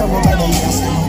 Come on, baby, yes,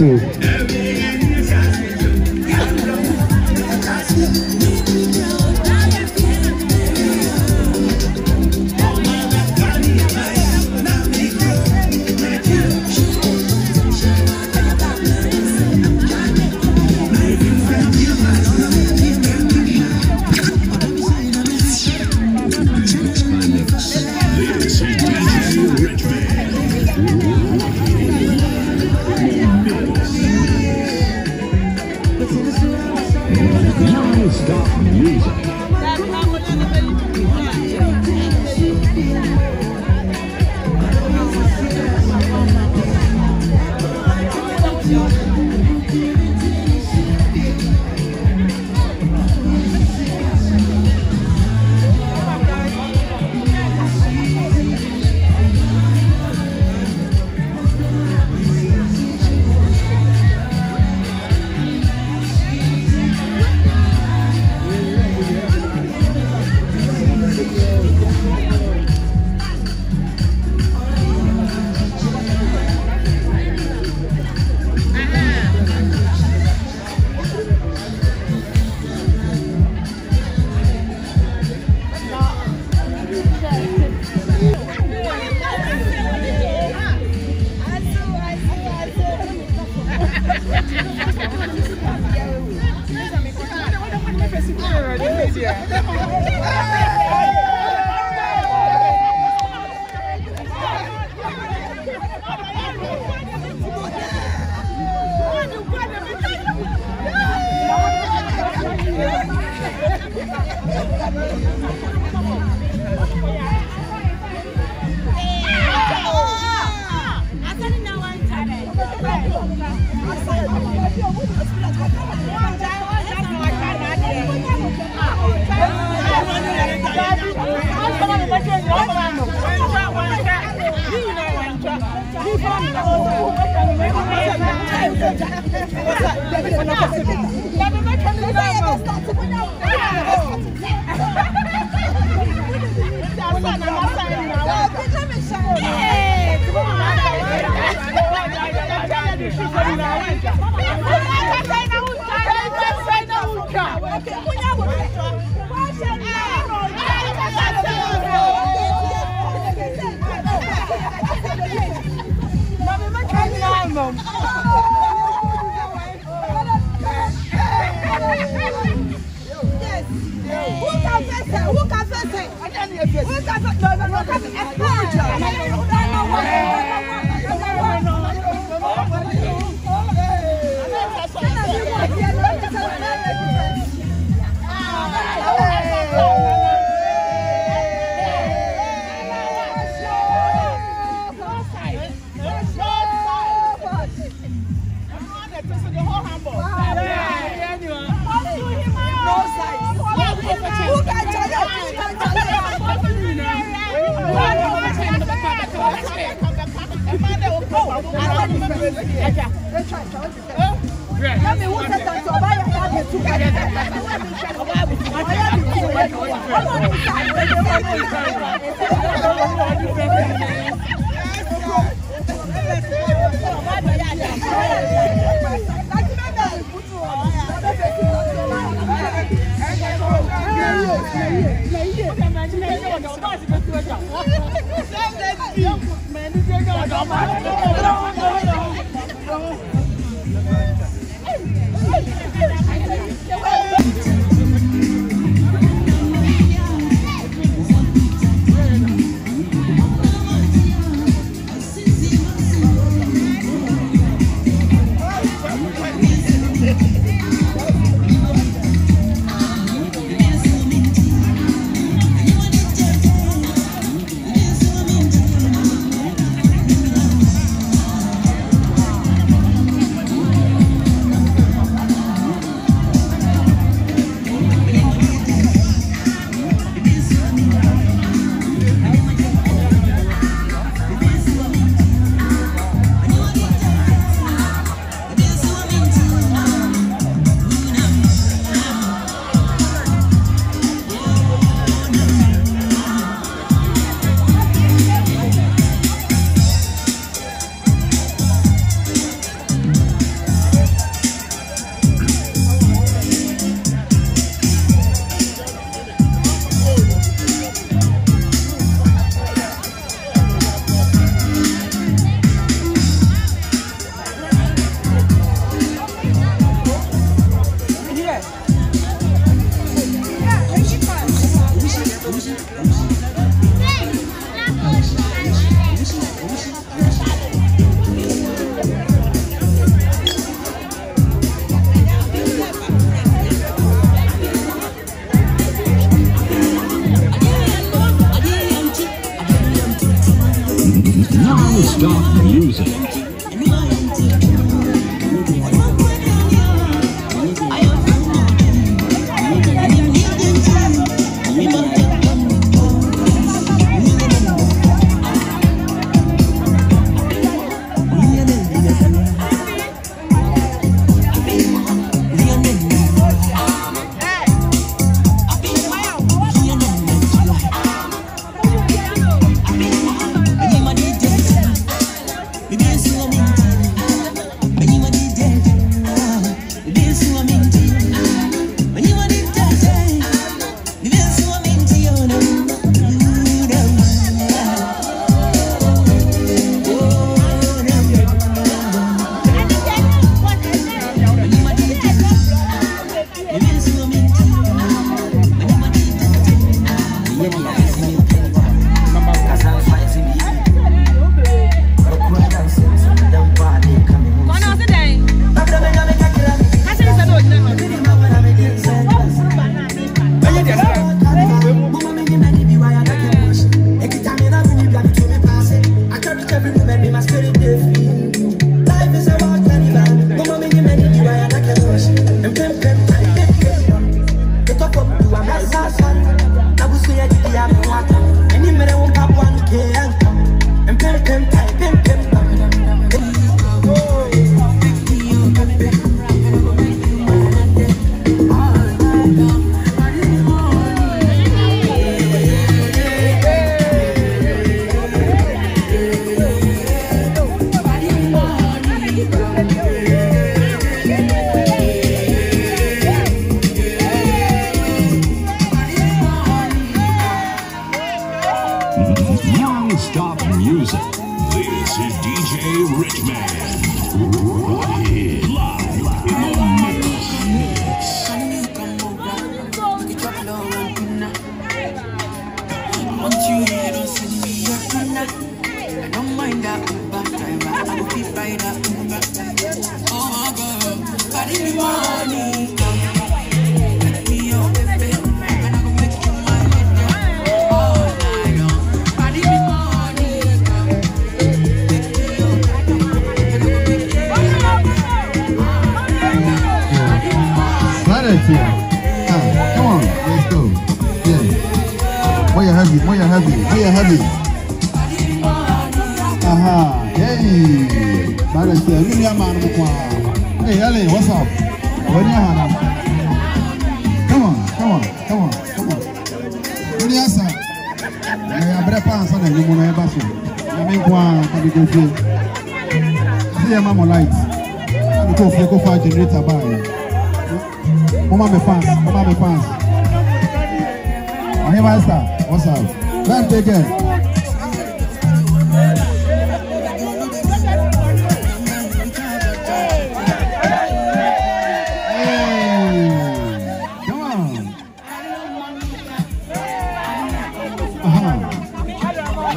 嗯。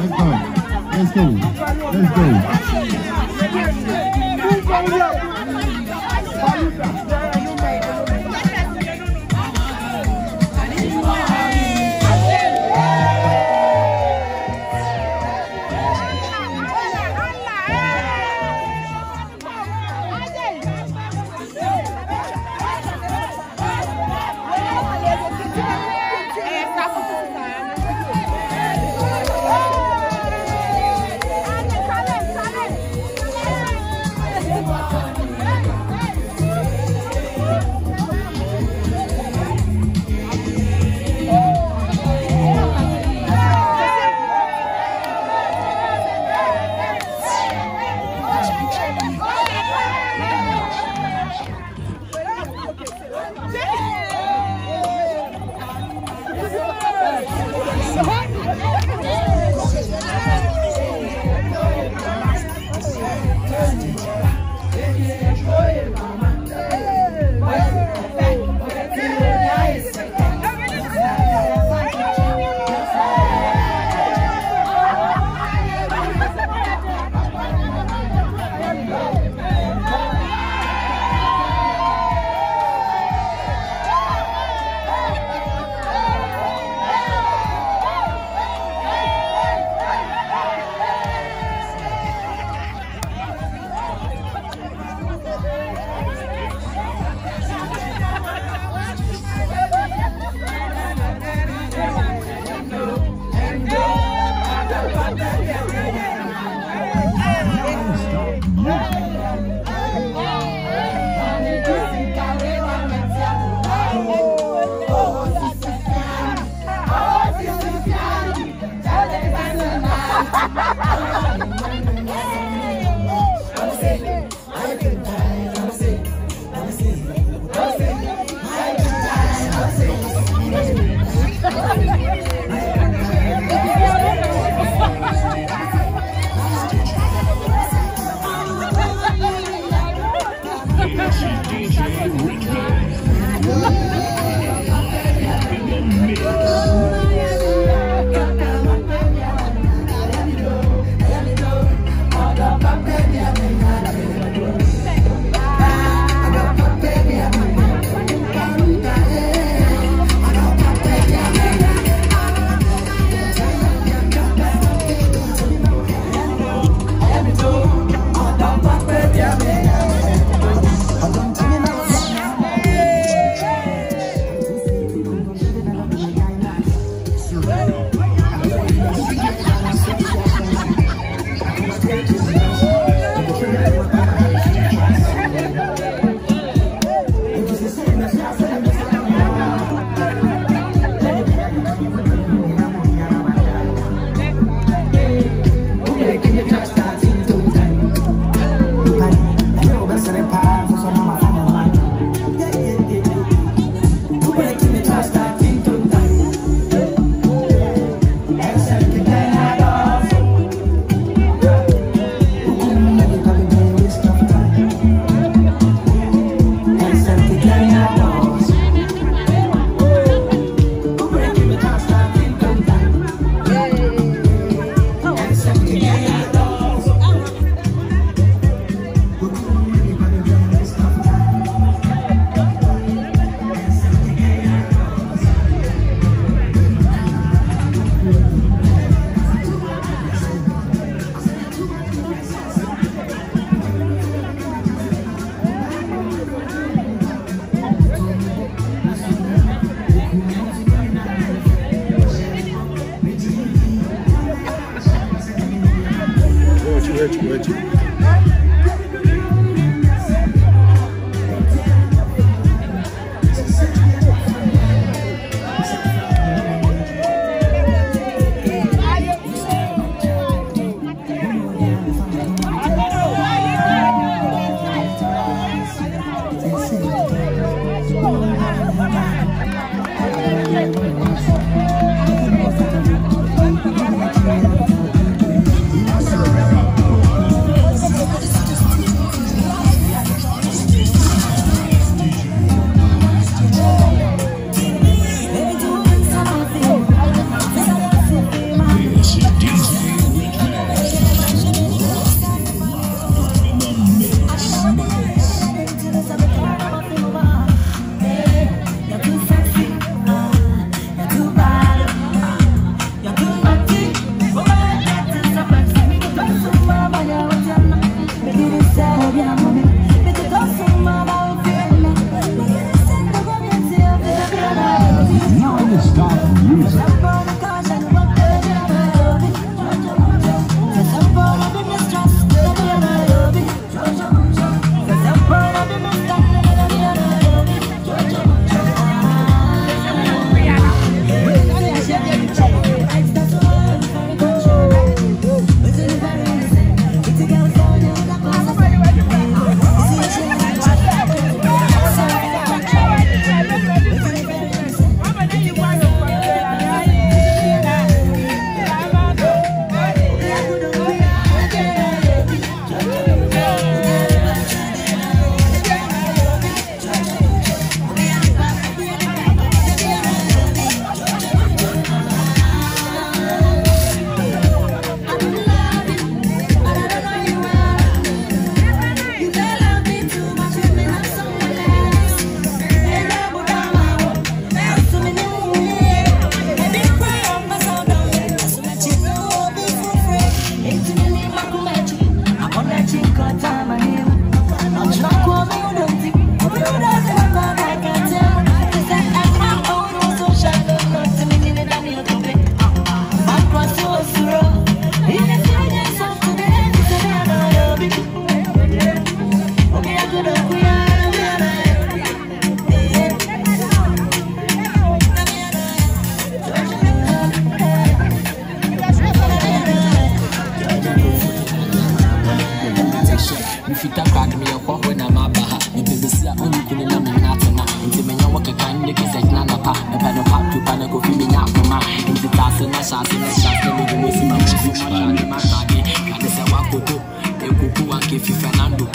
Let's go. Let's go. Let's go.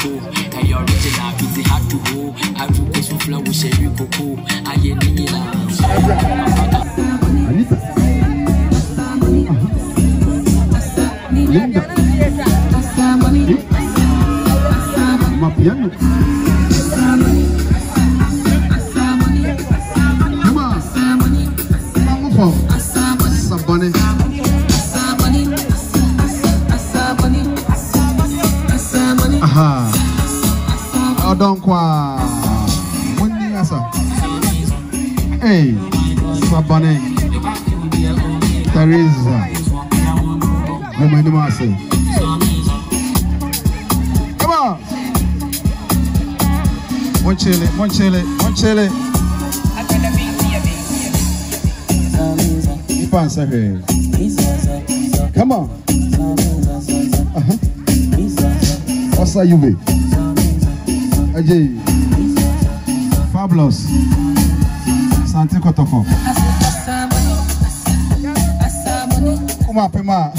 coco. Can you original? Busy hard to go. I do this with flow with Sherry Coco. I get Linda. it My Sele. Come on. What's that you be? Fabulous. Santi Kotoko. Pema.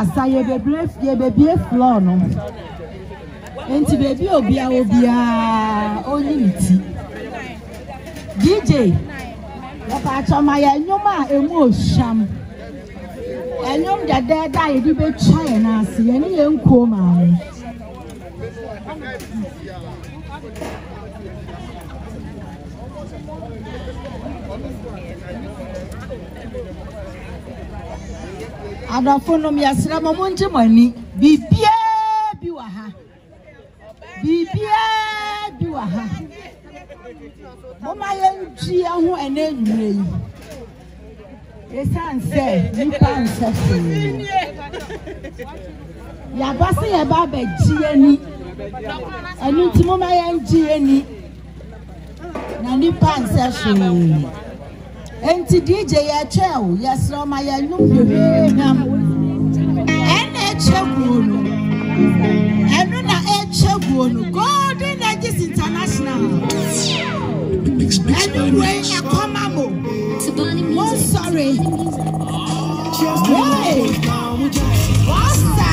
asa yɛbɛbie floor no nti beebi obia obiara onyi ne ti dj yɛpaakyɛ ma yɛ nnwom a emu ohyam ɛnnwom dɛdɛɛdɛ a yɛde betwa yɛn ase yɛne yɛn nkuo maame. adɔfo nom yɛsrɛ mo mongye mo ani biribiaa bi wɔ ha biribiaa bi wɔ ha momma yɛntwi ho ɛnɛ nwura yi ɛsiane sɛ nnipa nsɛ hwee yɛaba sɛ yɛba abɛgye ani ɛno nti momma yɛngye ani na nnipa nsɛ hwee nti dj yɛtwɛ o yɛsrɛ ɔma yɛnum bebree nam ɛna ɛkyɛ guo no ɛno na ɛkyɛ guo no golden edges international ɛno wei ɛkɔma mo mo nsɔre wei wɔsa.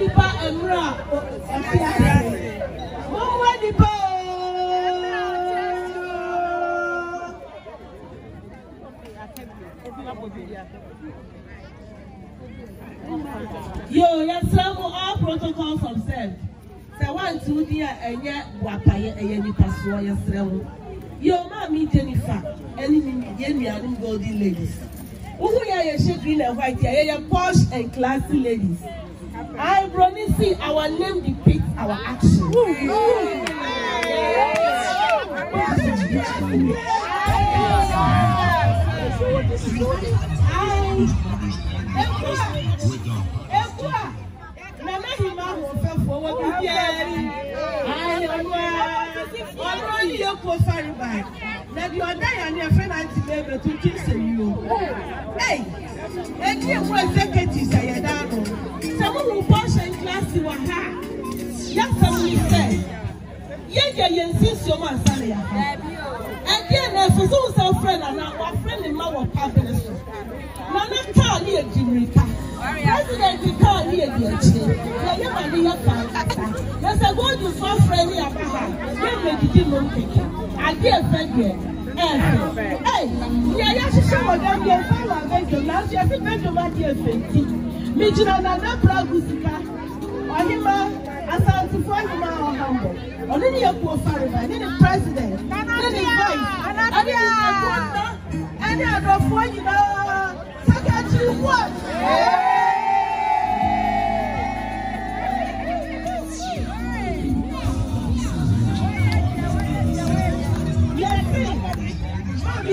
nipa mmerɛ a ɛfi ase mɔmmoa nipa yo yɛsrɛ mu all protocols observed sɛ wantiw di a ɛnyɛ wapayɛ ɛyɛ nipasoɔ yɛsrɛ mu yo maame jennifer ɛne yɛn nuanom golden ladies wohu yɛ a yɛhyɛ green and white yɛ yɛyɛ posh and classy ladies. Ironically, our name depicts our action. Mama Hima Hofefo, what do you I am already a poor firebag. That you are there and your friend Auntie Baby to kiss you. Hey, and you were executives. mekiki no mekiki adi efe deɛ ɛfɛ ɛy nea yɛahyehyɛ wɔ dɛm deɛ nfa wɔ abɛdwom nanso yɛsi bɛdwom adi efe nti megyina nana bragu sika ɔhema asantefo ahema a ɔhambɔ ɔno ne yɛkuo fareba ne ne president ne ne vice ɛne ne nabonna ɛne adɔfoɔ nyinaa sakakyiri wɔt.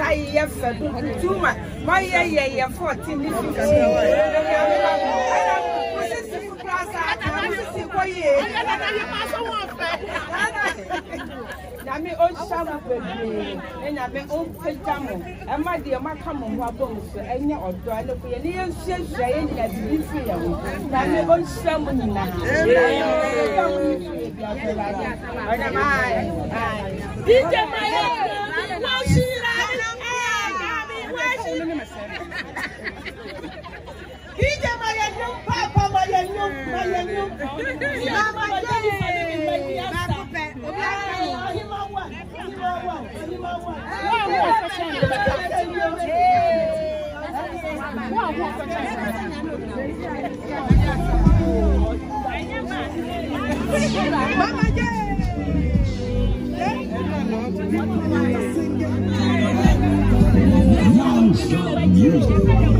nsa yi yɛ fɛ do two ma ma yɛ yɛ yɛ fourteen ni fifteen ɛna mo sisi kura sa mo sisi kɔ yie. nyame ɔnhyɛ mo bebree na nyame ɔmpagya mo ɛma deɛ maka mo ho abɔ mo so ɛnyɛ ɔdɔ ne ko yɛne yɛnsuasua yɛ nyina biribi firi yɛ ho nyame ɔnhyɛ mo nyinaa DJ Maya Mama J. People are singing. Music.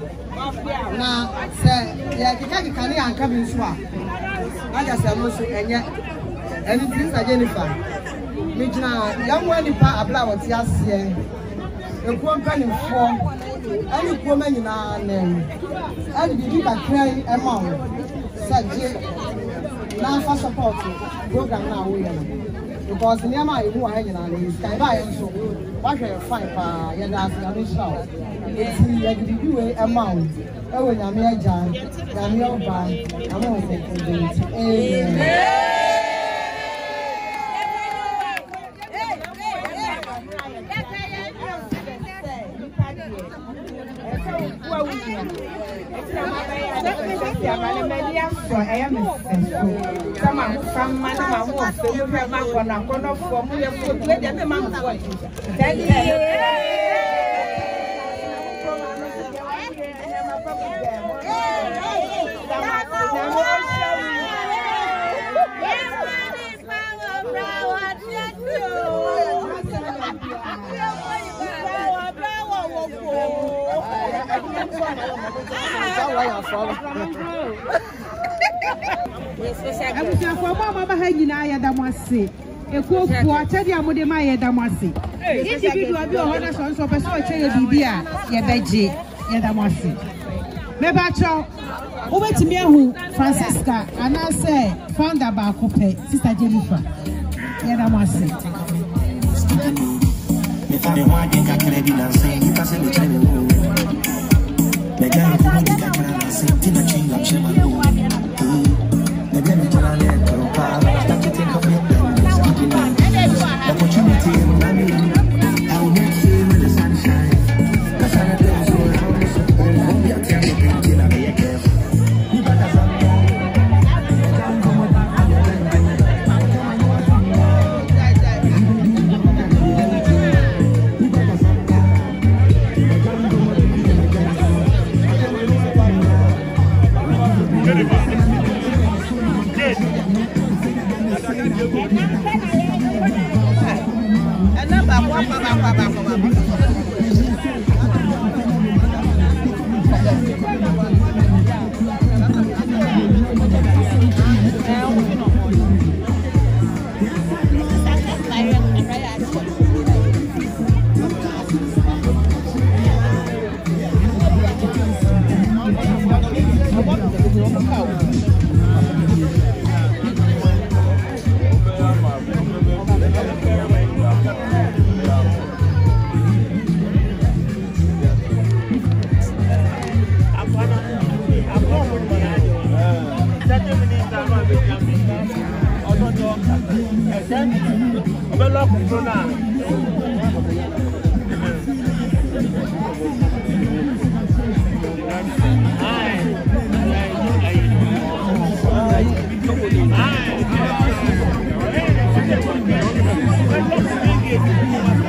na sɛ yɛkeka ne anka bi nso a agya sɛ mo nso ɛnyɛ ɛno nti nsa jennifer megyina yɛmmoa nnipa abla a wɔte aseɛ ekuo mpanimfoɔ ɛne kuo ma nyinaa nam ɛne biribi kakra yi ɛma wo sɛ gye na afa support program no a woyɛ no because nneɛma a ebu wɔ ha nyinaa no sika eba yɛ nso wahwɛ yɛ fine paa yɛda ase nyame hyira wo eti yɛde bibi wei ɛma wo ɛwɔ nyame agya nyame ɔba nyame ɔsɛ amen. ama ne m'ani asɔ ɛyɛ me abusuafo ọmọ ọmọ ọmọ ha nyinaa yɛ dam ase ekuo kuo akyɛdeɛ a mode ma yɛ dam ase individual bi wɔ hɔ no sɔ nso ɔpɛ sɛ ɔkyɛ yɛ biribi a yɛbɛgye yɛ dam ase mɛba kyerɛw wobɛtumi ahu francisca anaasɛ founder baako pɛ sister jennifer yɛ dam ase mefa me ho ade kakra bi nansa nnipa sɛ mekyerɛ me wo Nega, you want to get my ass, and Tina Ching, i C'est Baba, lọ́kùnrin ló náà. Thank you.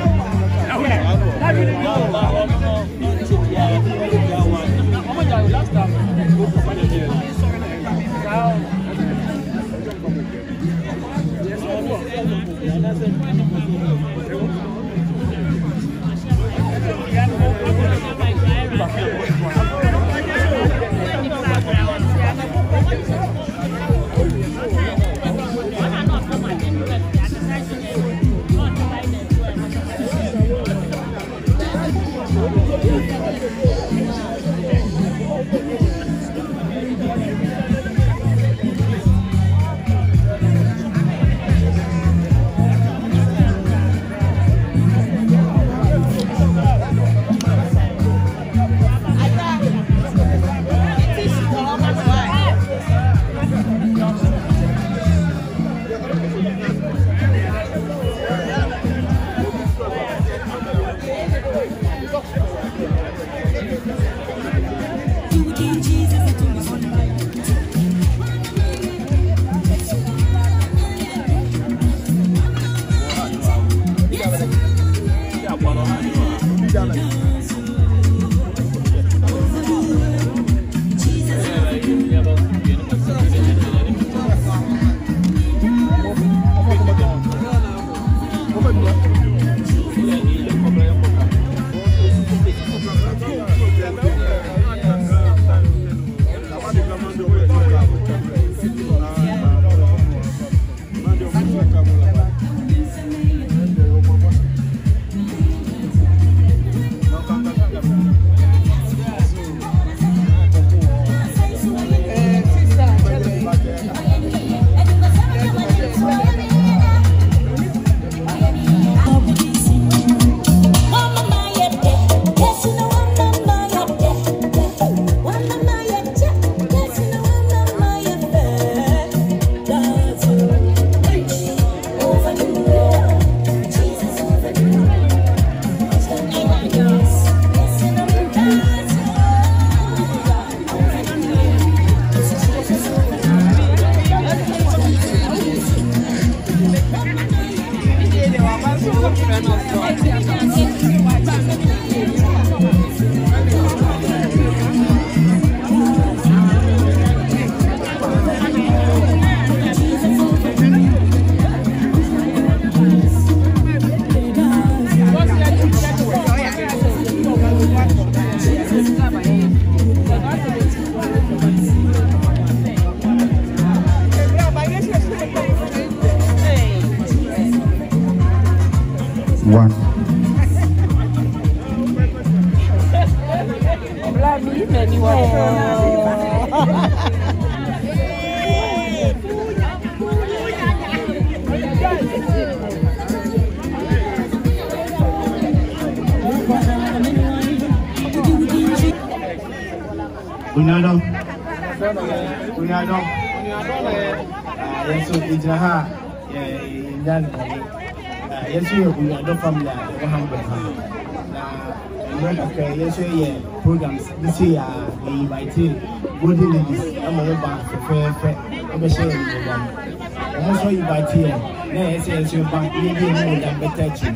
your back ne deɛ mu wɔ number thirty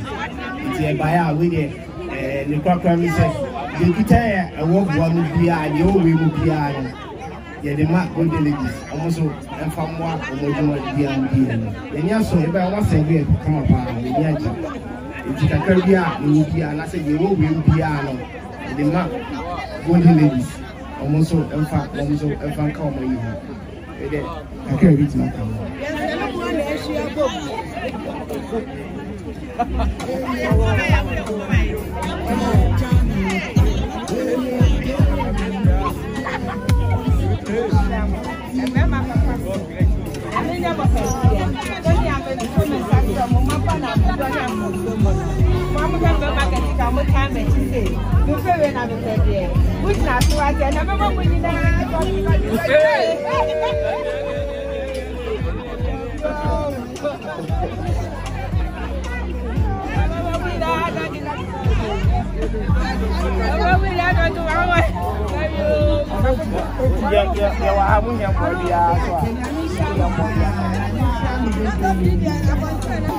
nti ɛbaeɛ a wodeɛ ɛɛ ne korakora mi sɛ deɛ kita yɛ ɛwɔ boa no biara deɛ ɔwɔ mu biara no yɛde ma good delegates wɔn nso ɛfa mmoa wɔn adwuma biara bi yɛn no yɛn aso ɛbɛn wɔn asɛn bi yɛ kama paa yɛn agye nti kakra bi a ɛwɔ biara n'asɛ deɛ ɛwɔ mu biara no yɛde ma good delegates wɔn nso ɛfa wɔn nso ɛfa nka wɔn yi ho ɛdɛ kakra bi tena kan. Hey!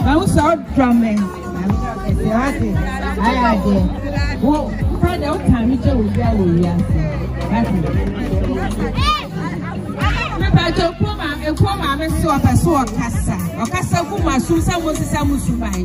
Bawusa ọdọmẹ ẹsẹ adi ayé adi wo mpade ọkà mi jẹ òbí awọ òbí ase adi. Mepatọ ekuo maame ekuo maame so ọpẹ so ọkasa ọkasa gu mu asum sẹ mo sisẹ mo sum ayi.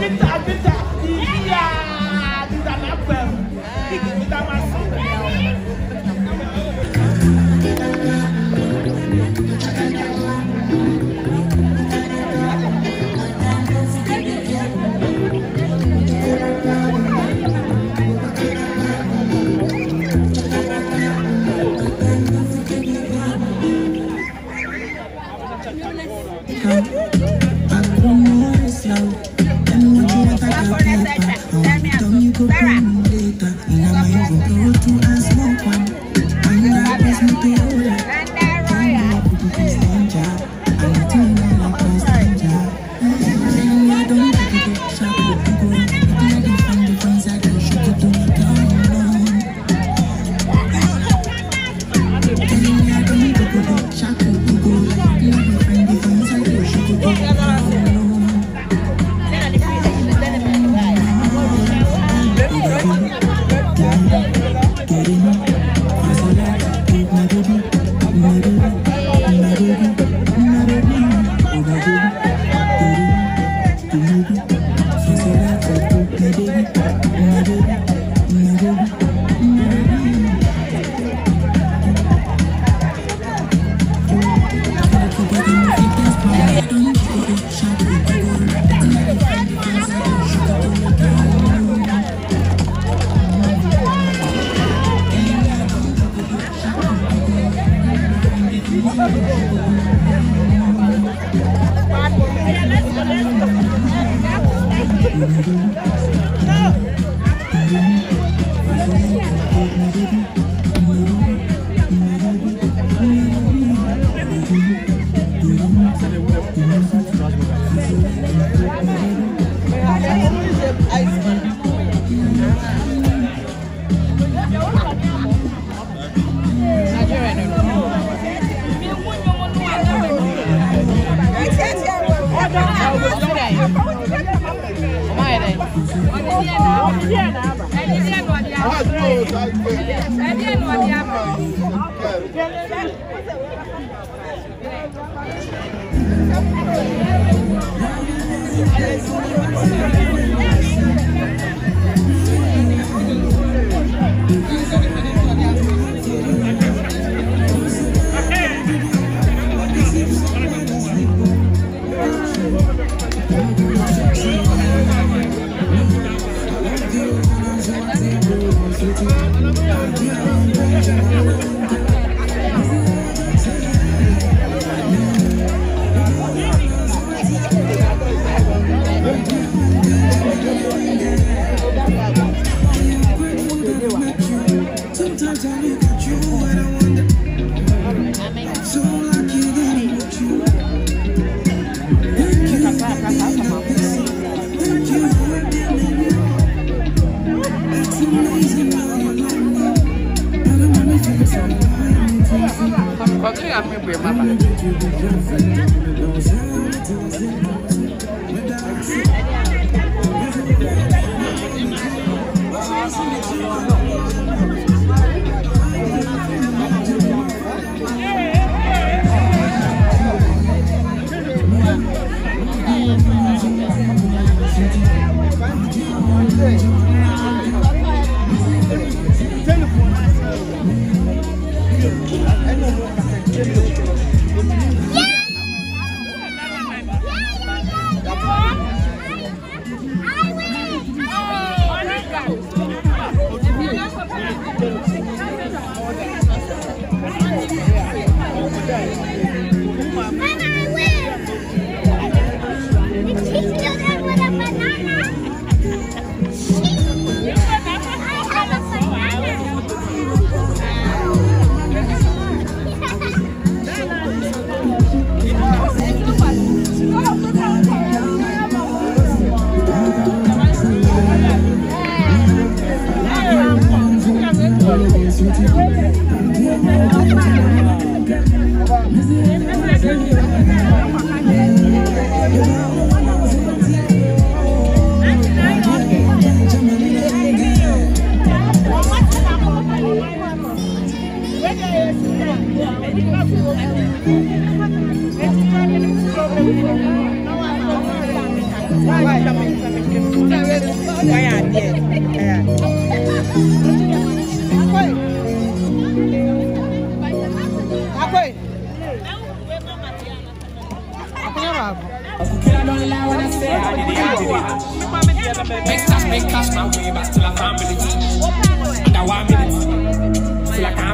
tidak tidak iya tidak nabam kita masuk Aku mau selalu Sarah. Sarah.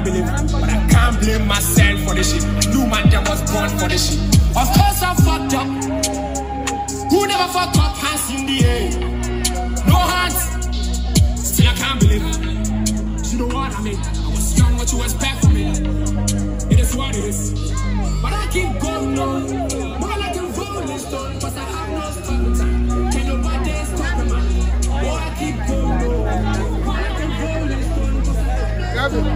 believe, but I can't blame myself for this shit. New man that was born for this shit. Of course I fucked up. Who never fucked up hands in the air? No hands. Still I can't believe. It. You know what I mean? I was young, what you expect from me? It is what it is. But I keep going on, more like a rolling stone, I have no time. Can nobody stop me, man? I keep going on. Gavin.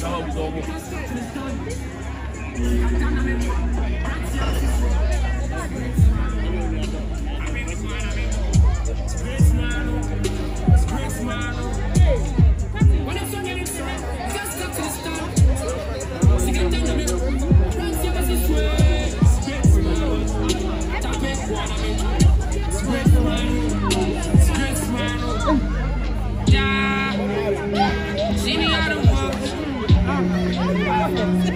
cała u domu. Thank you.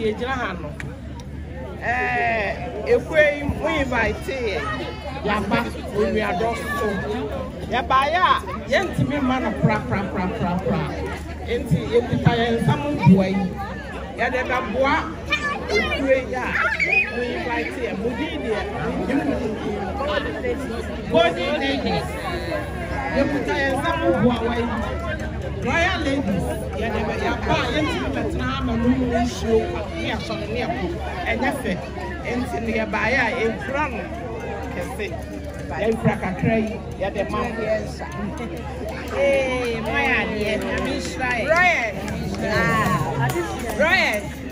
deɛ ɛgyina ha no ekue yi mo invite yɛ yaba onuadɔ so yabaayɛ a yɛntumi mma no praprapraprapra nti yɛkuta yɛn nsam mboa yi yɛde da boa ekue a mo invite yɛ mo din deɛ mo din deɛ yɛkuta yɛn nsam mboa wa yi. Brian, ladies yɛde yɛaba a Brian, bɛtena ama no mu nsuo ne asɔre ne ɛpo ɛnyɛ fɛ nti no yɛbaeɛ a Brian, no kɛse yɛnkura kakra yi yɛde Brian, mo Brian, Brian.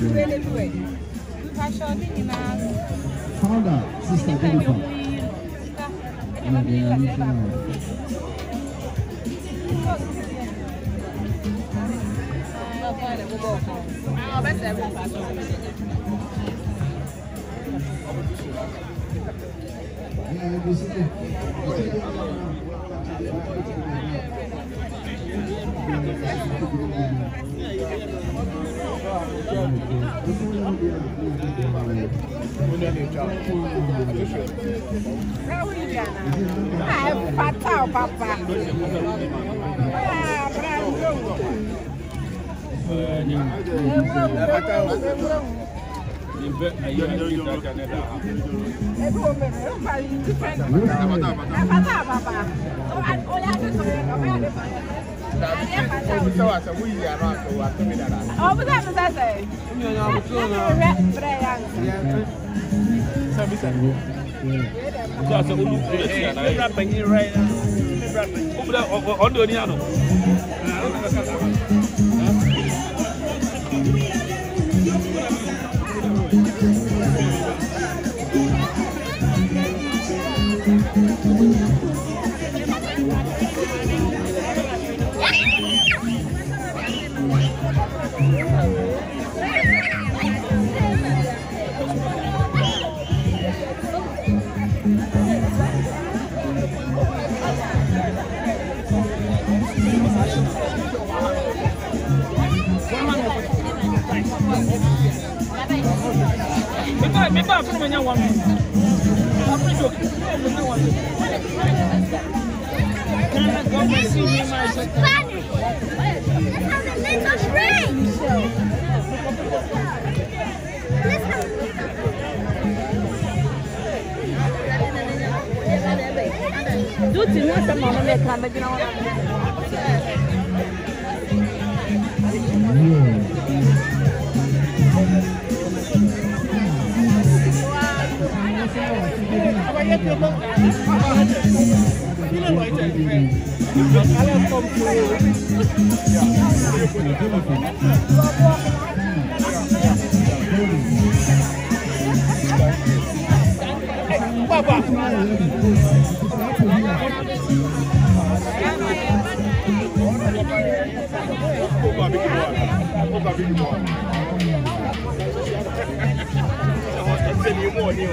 Railway. Found out, sister Jennifer. Yeah, they are missing out. Yeah, you see. Ah, é papá. Ah, Brasil. É fatal, papá. Olha, olha, olha sɛ wasɛ woyi ano não fún mi ní àwọn mi àpéjọ kí não fún mi ní àwọn mi. Ghana government não me my Spanish. Let's have a little não Let's have a little drink. Duti mu não maame bɛ kan bɛ gyina hɔ. quiet memang apa kalian 这里默念。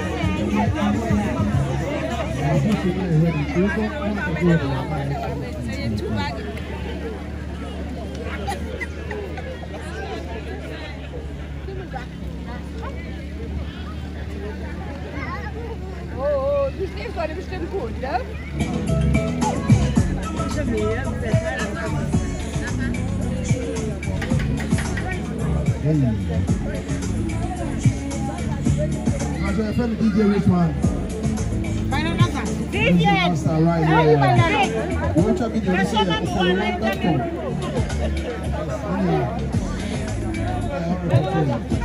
Oh, du stehst heute bestimmt gut, ne? Schon mehr, besser. Hey. so ẹ DJ which DJ Master right here.